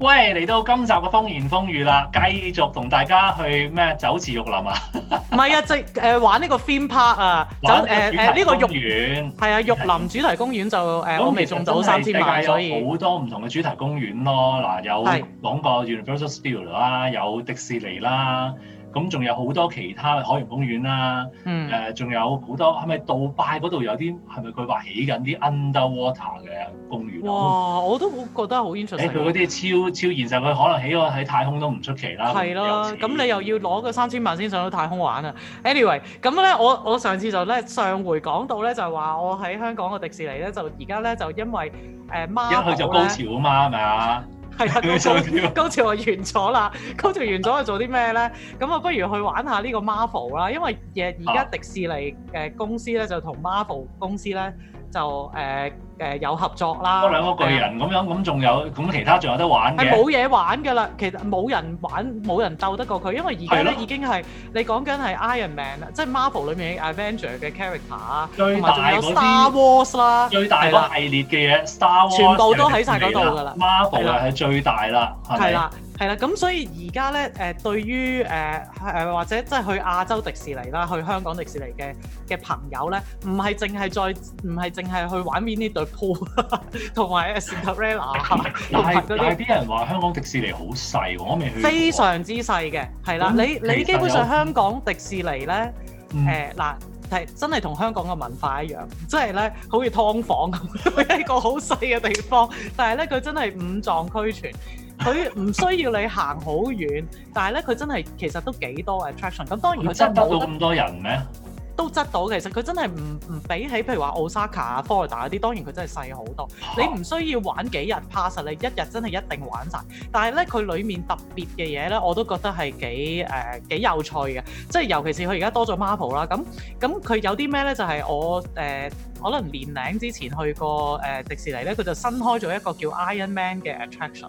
喂，嚟到今集嘅風言風語啦，繼續同大家去咩酒池玉林啊？唔 係啊，即係誒玩呢個 theme park 啊，玩誒誒呢個玉園係啊玉林主題公園就誒我未中到三千萬，所以好多唔同嘅主題公園咯。嗱以有講過 Universal Studio 啦，有迪士尼啦。的咁仲有好多其他海洋公園啦，誒仲有好多係咪？杜拜嗰度有啲係咪佢話起緊啲 underwater 嘅公園？哇！我都覺得好 intrusive。佢嗰啲超超現實，佢可能起咗喺太空都唔出奇啦。係咯、啊，咁你又要攞個三千萬先上到太空玩啊？Anyway，咁咧我我上次就咧上回講到咧就係話我喺香港個迪士尼咧就而家咧就因為誒媽一去就高潮嘛係咪、嗯、啊？係啊，高潮高潮就完咗啦，高潮完咗我做啲咩咧？咁啊，不如去玩下呢個 Marvel 啦，因為而家迪士尼嘅公司咧就同 Marvel 公司咧就誒。呃誒有合作啦，嗰兩個巨人咁樣，咁仲有，咁其他仲有得玩嘅。係冇嘢玩㗎啦，其實冇人玩，冇人鬥得過佢，因為而家咧已經係你講緊係 Iron Man，即係 Marvel 裏面嘅 Avenger 嘅 character 啊，同埋仲有 Star Wars 啦，最大系列嘅嘢，Star Wars 全部都喺晒嗰度㗎啦，Marvel 係最大啦，係咪？係啦，咁所以而家咧，誒對於誒誒或者即係去亞洲迪士尼啦，去香港迪士尼嘅嘅朋友咧，唔係淨係在，唔係淨係去玩 Winnie the Pooh 同埋 Cinderella。但係啲人話香港迪士尼好細喎，我未去非常之細嘅。係啦，你那其實 你基本上香港迪士尼咧，誒嗱係真係同香港嘅文化一樣，即係咧好似劏房咁， 一個好細嘅地方，但係咧佢真係五臟俱全。佢唔 需要你行好遠，但係咧佢真係其實都幾多 attraction。咁當然佢真係擠得到咁多人咩？都擠到。其實佢真係唔唔比起譬如話 Osaka 啊、Florida 嗰啲，當然佢真係細好多。啊、你唔需要玩幾日，pass 你一日真係一定玩晒。但係咧佢裡面特別嘅嘢咧，我都覺得係幾誒、呃、幾有趣嘅。即係尤其是佢而家多咗 Marvel 啦，咁咁佢有啲咩咧？就係、是、我誒、呃、可能年零之前去過誒、呃、迪士尼咧，佢就新開咗一個叫 Iron Man 嘅 attraction。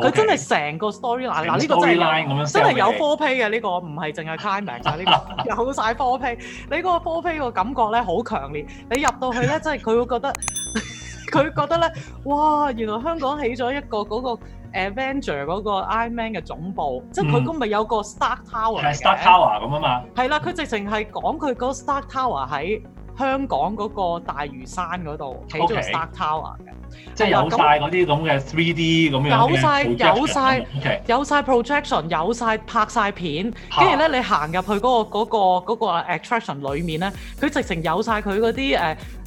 佢真係成個 story line，嗱呢個，個真係有，樣真係有 four 批嘅呢個，唔係淨係 timing 啊呢個，有晒 four 批。你嗰個 four 批個感覺咧，好強烈。你入到去咧，真係佢會覺得，佢 覺得咧，哇！原來香港起咗一個嗰、嗰個誒 Avenger 嗰個 Iron Man 嘅總部，即係佢嗰咪有個 Star Tower 嘅 的 Star Tower 咁啊嘛。係啦，佢直情係講佢嗰 Star Tower 喺。香港嗰個大嶼山嗰度起咗個 Star Tower 嘅，okay, 吧即係有曬嗰啲咁嘅 three D 咁樣有晒，有晒，有晒 projection，有晒拍晒片，跟住咧你行入去嗰、嗰個嗰、嗰個嗰個嗰個、attraction 裡面咧，佢直情有晒佢嗰啲誒、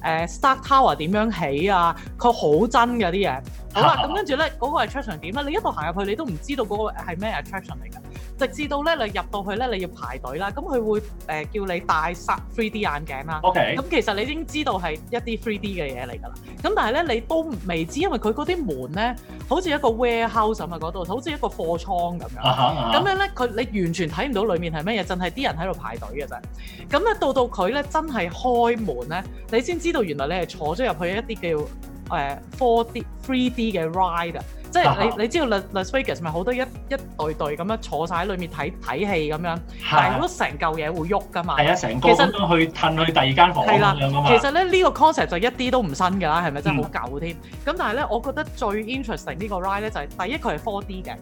呃、誒 Star Tower 點樣起啊，佢好真嘅啲嘢。好啦，咁跟住咧嗰個 attraction 點咧？你一路行入去，你都唔知道嗰個係咩 attraction 嚟嘅。直至到咧，你入到去咧，你要排隊啦。咁、嗯、佢會誒、呃、叫你戴曬 three D 眼鏡啦。咁 Okay.、嗯、其實你已經知道係一啲 three D 嘅嘢嚟㗎啦。咁但係咧，你都未知，因為佢嗰啲門咧好似一個 warehouse 咁啊，嗰度好似一個貨倉咁樣。咁樣咧，佢、uh huh, uh huh. 你完全睇唔到裡面係咩嘢，淨係啲人喺度排隊嘅啫。咁、嗯、咧到到佢咧真係開門咧，你先知道原來你係坐咗入去一啲叫。誒 four、uh, D three D 嘅 ride 啊、uh，即、huh. 係你你知道 Las Vegas 咪好多一一對對咁樣坐曬喺裏面睇睇戲咁樣，uh huh. 但係都成嚿嘢會喐噶嘛。係啊，成個去褪去第二間房咁樣噶嘛。Uh huh. 其實咧呢、這個 concept 就一啲都唔新㗎啦，係咪真係好舊㗎？添咁但係咧，我覺得最 interesting 呢個 ride 咧就係，第一佢係 four D 嘅。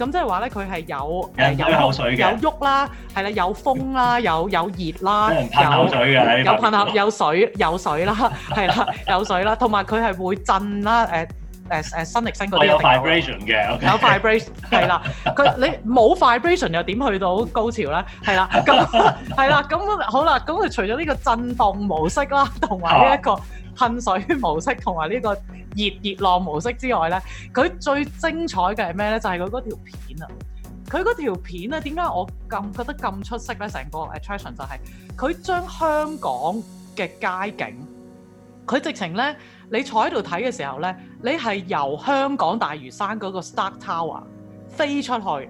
咁即係話咧，佢係有有噴口水嘅，有喐啦，係啦，有風啦，有有熱啦，有噴口水嘅，有噴口，有水有水啦，係 啦，有水啦，同埋佢係會震啦，誒誒誒新力星嗰啲有 vibration 嘅，有 vibration 係啦，佢、嗯 okay. 你冇 vibration 又點去到高潮咧？係 啦，咁係啦，咁好啦，咁佢除咗呢個震動模式啦，同埋呢一個噴水模式，同埋呢個。熱熱浪模式之外咧，佢最精彩嘅係咩咧？就係佢嗰條片啊！佢嗰條片咧，點解我咁覺得咁出色咧？成個 attraction 就係佢將香港嘅街景，佢直情咧，你坐喺度睇嘅時候咧，你係由香港大嶼山嗰個 Star Tower 飛出去，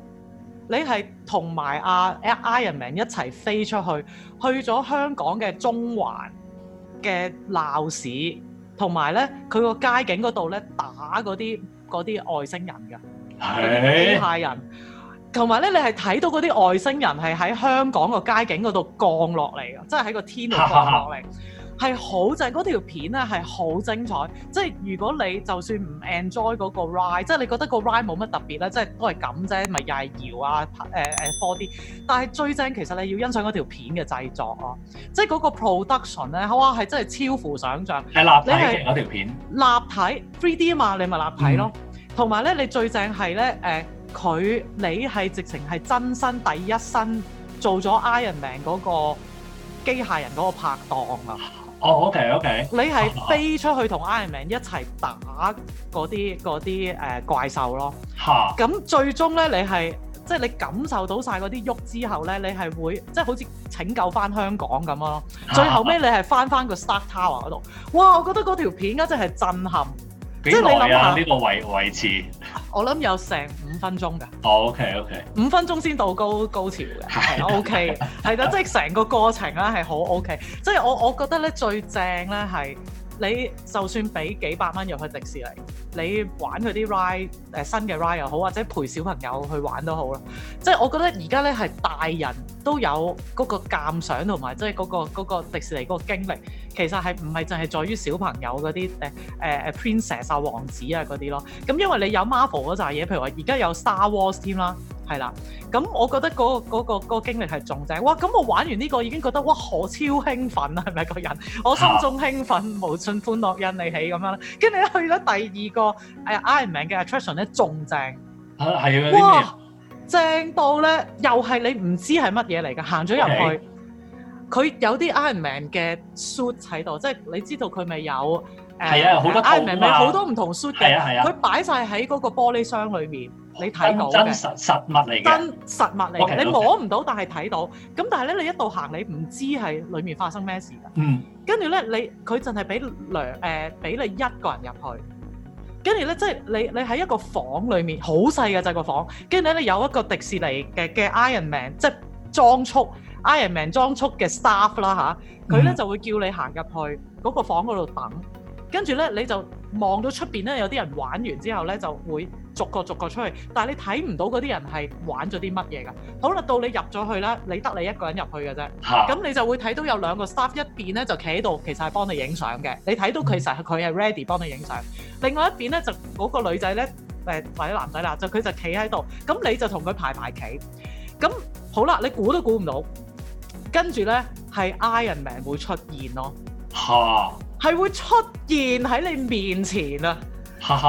你係同埋阿 Iron Man 一齊飛出去，去咗香港嘅中環嘅鬧市。同埋咧，佢個街景嗰度咧，打嗰啲嗰啲外星人嘅機械人，同埋咧，你係睇到嗰啲外星人係喺香港個街景嗰度降落嚟嘅，即係喺個天度降落嚟。 係好正，係嗰條片咧係好精彩，即係如果你就算唔 enjoy 嗰個 ride，即係你覺得個 ride 冇乜特別咧，即係都係咁啫，咪曳搖啊誒誒 four D，但係最正其實你要欣賞嗰條片嘅製作哦，即係嗰個 production 咧啊，係真係超乎想像，係立體嘅嗰條片，立體 three D 嘛，你咪立體咯，同埋咧你最正係咧誒佢你係直情係真身第一身做咗 Iron Man 嗰個機械人嗰個拍檔啊！哦、oh,，OK，OK，、okay, okay. 你係飛出去同 Iron Man 一齊打嗰啲啲誒怪獸咯，嚇！咁 最終咧，你係即係你感受到晒嗰啲喐之後咧，你係會即係、就是、好似拯救翻香港咁咯。 最後屘你係翻翻個 Star Tower 嗰度，哇！我覺得嗰條片簡直係震撼。即係你諗下呢個位位置，啊、我諗有成五分鐘㗎、哦。OK OK，五分鐘先到高高潮嘅 ，OK 係咯， 即係成個過程啦、okay,，係好 OK。即係我我覺得咧最正咧係。你就算俾幾百蚊入去迪士尼，你玩佢啲 ride 誒新嘅 ride 又好，或者陪小朋友去玩都好啦。即係我覺得而家咧係大人都有嗰個鑑賞同埋，即係嗰個迪士尼嗰個經歷，其實係唔係淨係在於小朋友嗰啲誒誒誒 princess 啊王子啊嗰啲咯。咁、嗯、因為你有 Marvel 嗰陣嘢，譬如話而家有 Star Wars 添啦。係啦，咁我覺得嗰嗰個嗰經歷係仲正哇！咁我玩完呢個已經覺得哇，我超興奮啦，係咪個人？我心中興奮，啊、無盡歡樂引你起咁樣。跟住咧去咗第二個哎 Iron Man 嘅 attraction 咧，仲正啊，係啊，哇，正到咧，又係你唔知係乜嘢嚟嘅，行咗入去，佢的有啲 Iron Man 嘅 suit 喺度，即係你知道佢咪有誒，Iron Man 好多唔同 suit 嘅，係啊，佢擺晒喺嗰個玻璃箱裏面。你睇到真實實物嚟，嘅，真實，實物嚟，嘅。Okay, okay. 你摸唔到，但係睇到。咁但係咧，你一度行，你唔知係裏面發生咩事嘅。嗯。跟住咧，你佢淨係俾兩誒，俾你一個人入去。跟住咧，即、就、係、是、你你喺一個房裏面，好細嘅就係個房。跟住咧，你有一個迪士尼嘅嘅 Iron Man，即係裝束 Iron Man 裝束嘅 staff 啦、啊、嚇。佢咧、嗯、就會叫你行入去嗰、那個房嗰度等。跟住咧，你就望到出邊咧，有啲人玩完之後咧，就會逐個逐個出去。但係你睇唔到嗰啲人係玩咗啲乜嘢㗎。好啦，到你入咗去啦，你得你一個人入去嘅啫。咁、啊、你就會睇到有兩個 staff，一邊咧就企喺度，其實係幫你影相嘅。你睇到佢實係佢係 ready 幫你影相。另外一邊咧就嗰個女仔咧，誒、呃、或者男仔啦，就佢就企喺度。咁你就同佢排排企。咁好啦，你估都估唔到。跟住咧係 Iron Man 會出現咯。係、啊。係會出現喺你面前啊！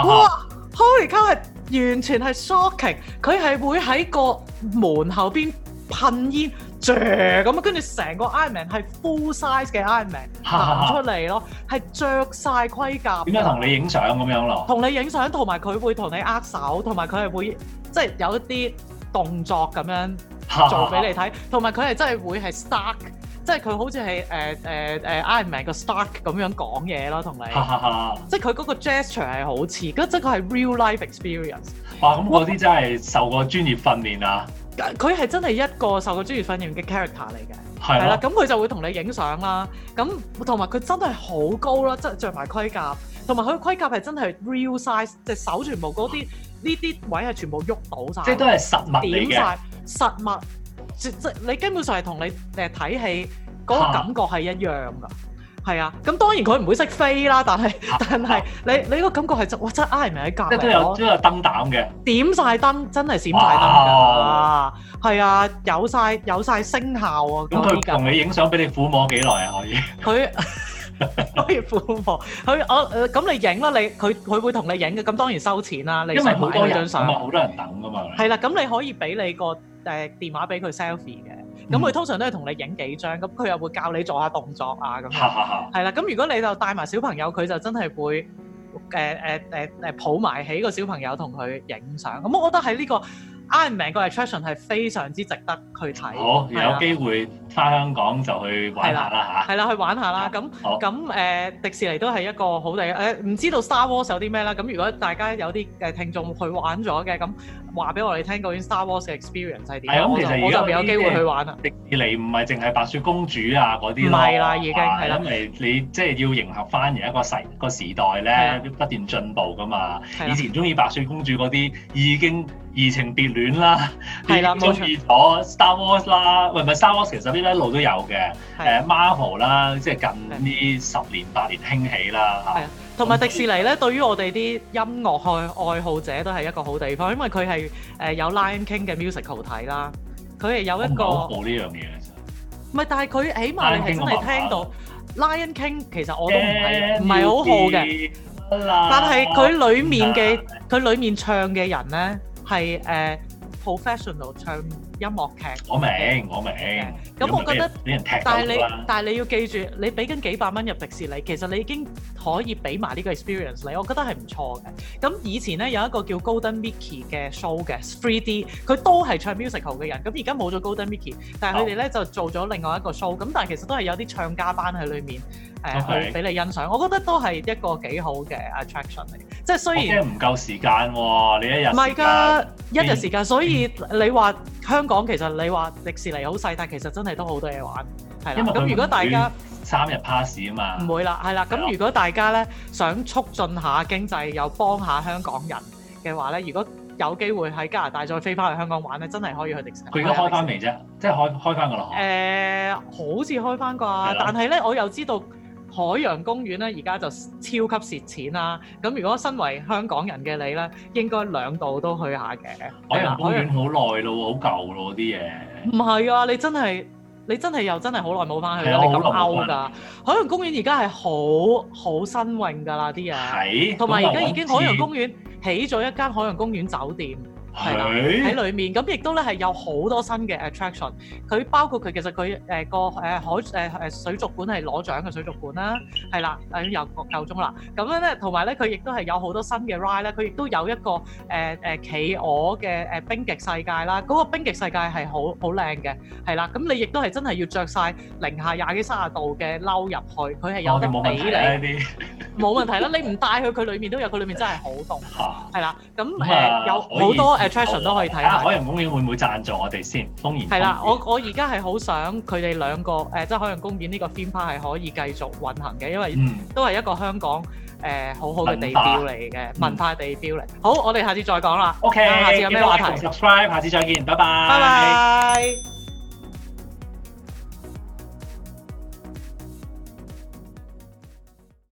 哇，Holy Cow 係完全係 shocking，佢係會喺個門後邊噴煙，嚼。 咁跟住成個 Iron Man 係 full size 嘅 Iron Man 行出嚟咯，係着晒盔甲。點解同你影相咁樣咯？同你影相，同埋佢會同你握手，同埋佢係會即係有一啲動作咁樣做俾你睇，同埋佢係真係會係 stuck。即係佢好似係誒誒、uh, 誒、uh, uh, Iron Man 個 Stark 咁樣講嘢咯，同你。 即係佢嗰個 gesture 係好似，咁即係佢係 real life experience。哇！咁嗰啲真係受過專業訓練啊。佢係真係一個受過專業訓練嘅 character 嚟嘅。係、啊、啦。咁佢就會同你影相啦。咁同埋佢真係好高啦，即係着埋盔甲，同埋佢盔甲係真係 real size 隻手全部嗰啲呢啲位係全部喐到晒，即係都係實物嚟嘅。實物。即即你根本上係同你誒睇戲嗰個感覺係一樣噶，係啊。咁當然佢唔會識飛啦，但係但係你你個感覺係真哇真係唔係喺隔籬㗎？即都有都有燈膽嘅，點晒燈真係閃晒燈㗎，係啊，有晒有晒聲效啊！咁佢同你影相俾你撫摸幾耐啊？可以佢可以撫摸佢我咁你影啦，你佢佢會同你影嘅，咁當然收錢啦。因為好多張相，好多人等㗎嘛。係啦，咁你可以俾你個。誒電話俾佢 selfie 嘅，咁佢、嗯、通常都係同你影幾張，咁佢又會教你做下動作啊咁樣，係啦。 咁如果你就帶埋小朋友，佢就真係會誒誒誒誒抱埋起個小朋友同佢影相。咁、嗯、我覺得喺呢個 Iron Man 嗰個 attraction 係非常之值得去睇。好，的有機會翻香港就去玩下啦嚇。係啦的， 去玩下啦。咁咁誒，迪士尼都係一個好地誒，唔、呃、知道 Star Wars 有啲咩啦。咁如果大家有啲誒聽眾去玩咗嘅咁。話俾我哋聽究竟 Star Wars experience 係點？係咁，其實而家我就冇有機會去玩迪士尼，唔係淨係白雪公主啊嗰啲，唔係啦，已經係啦。因為你即係要迎合翻而家個時個時代咧不斷進步㗎嘛？以前中意白雪公主嗰啲已經移情別戀啦。係啦。中意咗 Star Wars 啦，喂，唔係 Star Wars 其實呢一路都有嘅。係。Marvel 啦，即係近呢十年八年興起啦。係。同埋迪士尼咧，對於我哋啲音樂愛愛好者都係一個好地方，因為佢係誒有 Lion King 嘅 musical 睇啦。佢係有一個好呢樣嘢唔係，但係佢起碼你係真係聽到 Lion King，其實我都唔係唔係好好嘅，但係佢裡面嘅佢裡面唱嘅人咧係誒 professional 唱。音樂劇，我明我明。咁我覺得俾人踢但係你，你要記住，你俾緊幾百蚊入迪士尼，其實你已經可以俾埋呢個 experience 你。我覺得係唔錯嘅。咁以前呢，有一個叫 Golden Mickey 嘅 show 嘅 3D，佢都係唱 musical 嘅人。咁而家冇咗 Golden Mickey，但係佢哋呢就做咗另外一個 show。咁但係其實都係有啲唱家班喺裏面。誒俾 Okay. 你欣賞，我覺得都係一個幾好嘅 attraction 嚟，即係雖然即係唔夠時間喎、啊，你一日唔係㗎，過便一日時間，所以你話香港其實你話迪士尼好細，但係其實真係都好多嘢玩，係啦。咁如果大家三日 pass 啊嘛，唔會啦，係啦。咁的如果大家咧想促進下經濟又幫下香港人嘅話咧，如果有機會喺加拿大再飛翻去香港玩咧，真係可以去迪士尼。佢而家開翻未啫？即係開開翻個啦？誒、呃，好似開翻啩，Okay. 但係咧我又知道。海洋公園咧，而家就超級蝕錢啦！咁如果身為香港人嘅你咧，應該兩度都去下嘅。海洋公園好耐咯，好舊咯，啲嘢。唔係洋啊，你真係你真係又真係好耐冇翻去，對你咁 out 㗎？海洋公園而家係好好新穎㗎啦，啲嘢。係是。同埋而家已經海洋公園起咗一間海洋公園酒店。係啦，喺裏面咁亦都咧係有好多新嘅 attraction，佢包括佢其實佢誒個誒海誒誒水族館係攞獎嘅水族館啦，係啦，誒又夠鐘啦。咁樣咧，同埋咧佢亦都係有好多新嘅 ride 咧，佢亦都有一個誒誒企鵝嘅誒冰極世界啦。嗰個冰極世界係好好靚嘅，係啦。咁你亦都係真係要著曬零下廿幾三十度嘅褸入去，佢係有得俾你。冇問題啦，你唔帶去佢裏面都有，佢裏面真係好凍。係啦，咁誒有好多。誒都可以睇下。海洋公園會唔會贊助我哋先？當然係啦。我我而家係好想佢哋兩個誒、呃，即係海洋公園呢個 theme park 係可以繼續運行嘅，因為都係一個香港誒、呃、好好嘅地標嚟嘅文化，文化地標嚟。嗯、好，我哋下次再講啦。OK，下次有咩話題？下次再見，拜拜。拜拜。